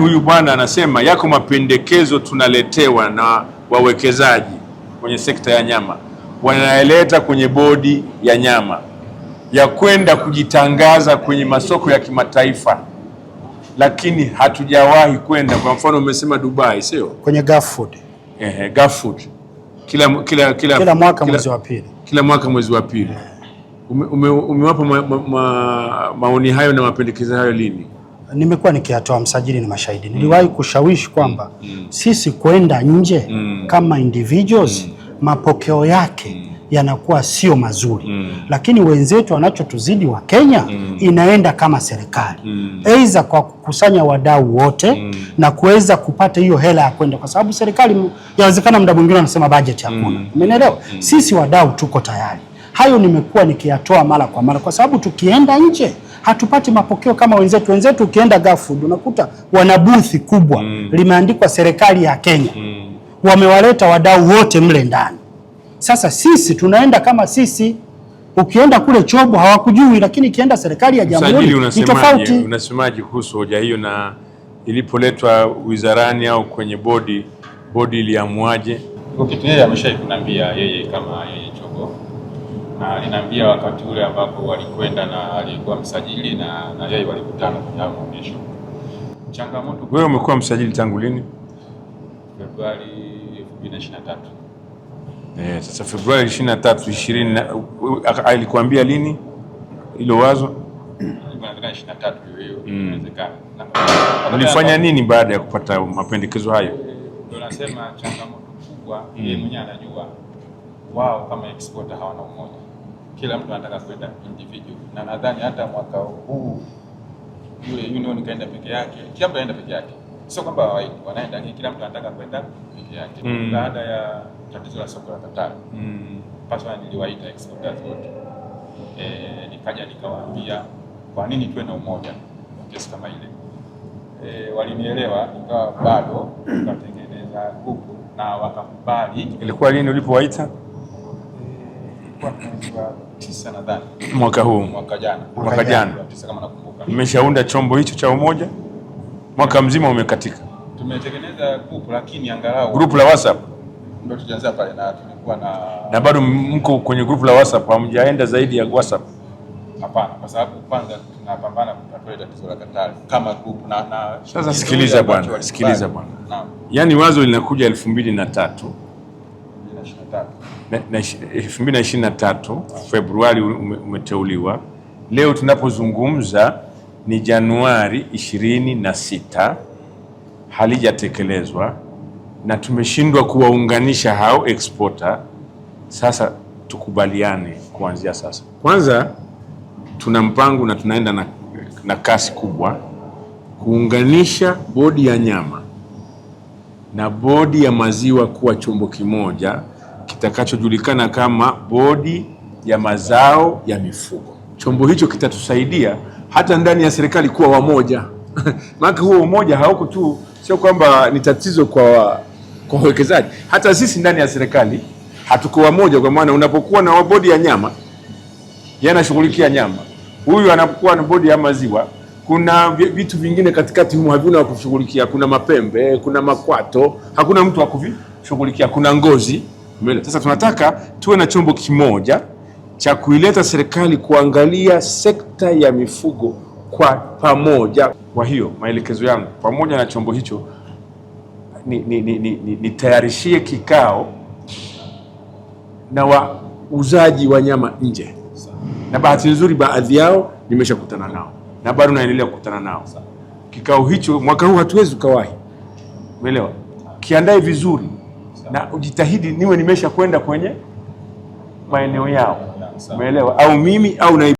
Huyu bwana anasema yako mapendekezo tunaletewa na wawekezaji kwenye sekta ya nyama, wanaeleta kwenye bodi ya nyama ya kwenda kujitangaza kwenye masoko ya kimataifa, lakini hatujawahi kwenda. Kwa mfano umesema Dubai, sio kwenye Gafood. Ehe, Gafood kila, kila, kila, kila mwaka mwezi wa pili, kila mwaka mwezi wa pili. Umewapa eh. ume, ume ma, ma, ma, maoni hayo na mapendekezo hayo lini? nimekuwa nikiyatoa, msajili ni mashahidi, mm. niliwahi kushawishi mm. kwamba mm. sisi kwenda nje mm. kama individuals mm. mapokeo yake mm yanakuwa sio mazuri mm. Lakini wenzetu wanachotuzidi wa Kenya mm. inaenda kama serikali mm. aidha kwa kukusanya wadau wote mm. na kuweza kupata hiyo hela ya kwenda, kwa sababu serikali yawezekana muda mwingine anasema bajeti hakuna, umenielewa mm. mm. Sisi wadau tuko tayari, hayo nimekuwa nikiyatoa mara kwa mara, kwa sababu tukienda nje hatupati mapokeo kama wenzetu. Wenzetu ukienda GAFUD unakuta wana booth kubwa mm. limeandikwa serikali ya Kenya mm. wamewaleta wadau wote mle ndani. Sasa sisi tunaenda kama sisi ukienda kule Chobo hawakujui, lakini ikienda serikali ya jamhuri ni tofauti. Unasemaje kuhusu hoja hiyo? Na ilipoletwa wizarani au kwenye bodi, bodi iliamuaje? Kitu yeye ameshaikunambia yeye kama yeye Chobo na aliniambia wakati ule ambapo walikwenda na alikuwa msajili na, na yeye walikutana kwenye maonyesho. Changamoto. Wewe umekuwa msajili tangu lini? Februari 2023. Eh, sasa Februari 23 20 alikuambia lini hilo wazo? Ulifanya mm. nini baada ya kupata mapendekezo hayo? Ndio nasema changamoto kubwa, mm. yeye mwenyewe anajua wao kama exporter hawana umoja kila mtu anataka kwenda individual, na nadhani hata mwaka huu yule union kaenda peke yake, kila mtu anaenda peke yake, sio kwamba hawaendi, wanaenda, lakini kila mtu anataka kwenda peke yake mm. Baada ya tatizo la soko la Katara mm. Paswa niliwaita exporters wote e, nikaja nikawaambia kwa nini tuwe na umoja kwa kesi kama ile e, walinielewa, ingawa bado tukatengeneza grupu na wakakubali. Ilikuwa lini ulipowaita? E, tisa nadhani mwaka huu, mwaka jana, mwaka jana kama nakumbuka. Mmeshaunda chombo hicho cha umoja, mwaka mzima umekatika. Tumetengeneza grupu, lakini angalau grupu la WhatsApp ndio tujaanza pale, na tumekuwa na na bado mko kwenye grupu la WhatsApp, hamjaenda zaidi ya WhatsApp? Hapana, kwa sababu kwanza tunapambana kutatua tatizo la Katari kama grupu na, na sasa sikiliza bwana, sikiliza bwana, yaani wazo linakuja elfu mbili na tatu 2023 Februari umeteuliwa. Leo tunapozungumza ni Januari 26, halijatekelezwa na tumeshindwa kuwaunganisha hao exporter. Sasa tukubaliane kuanzia sasa. Kwanza tuna mpango na tunaenda na, na kasi kubwa kuunganisha bodi ya nyama na bodi ya maziwa kuwa chombo kimoja kitakachojulikana kama Bodi ya Mazao ya Mifugo. Chombo hicho kitatusaidia hata ndani ya serikali kuwa wamoja maana huo umoja hauko tu, sio kwamba ni tatizo kwa kwa wawekezaji, hata sisi ndani ya serikali hatuko wamoja, kwa maana unapokuwa na bodi ya nyama yanashughulikia nyama, huyu anapokuwa na bodi ya maziwa kuna vitu vingine katikati humo havina wa kushughulikia. Kuna mapembe, kuna makwato, hakuna mtu wa kuvishughulikia. Kuna ngozi Umeelewa? Sasa tunataka tuwe na chombo kimoja cha kuileta serikali kuangalia sekta ya mifugo kwa pamoja. Kwa hiyo maelekezo yangu pamoja na chombo hicho nitayarishie ni, ni, ni, ni kikao na wauzaji wa nyama nje, na bahati nzuri baadhi yao nimeshakutana nao na bado naendelea kukutana nao. Kikao hicho mwaka huu hatuwezi ukawahi, umeelewa? Kiandae vizuri na ujitahidi niwe nimesha kwenda kwenye maeneo yao, umeelewa? Au mimi au na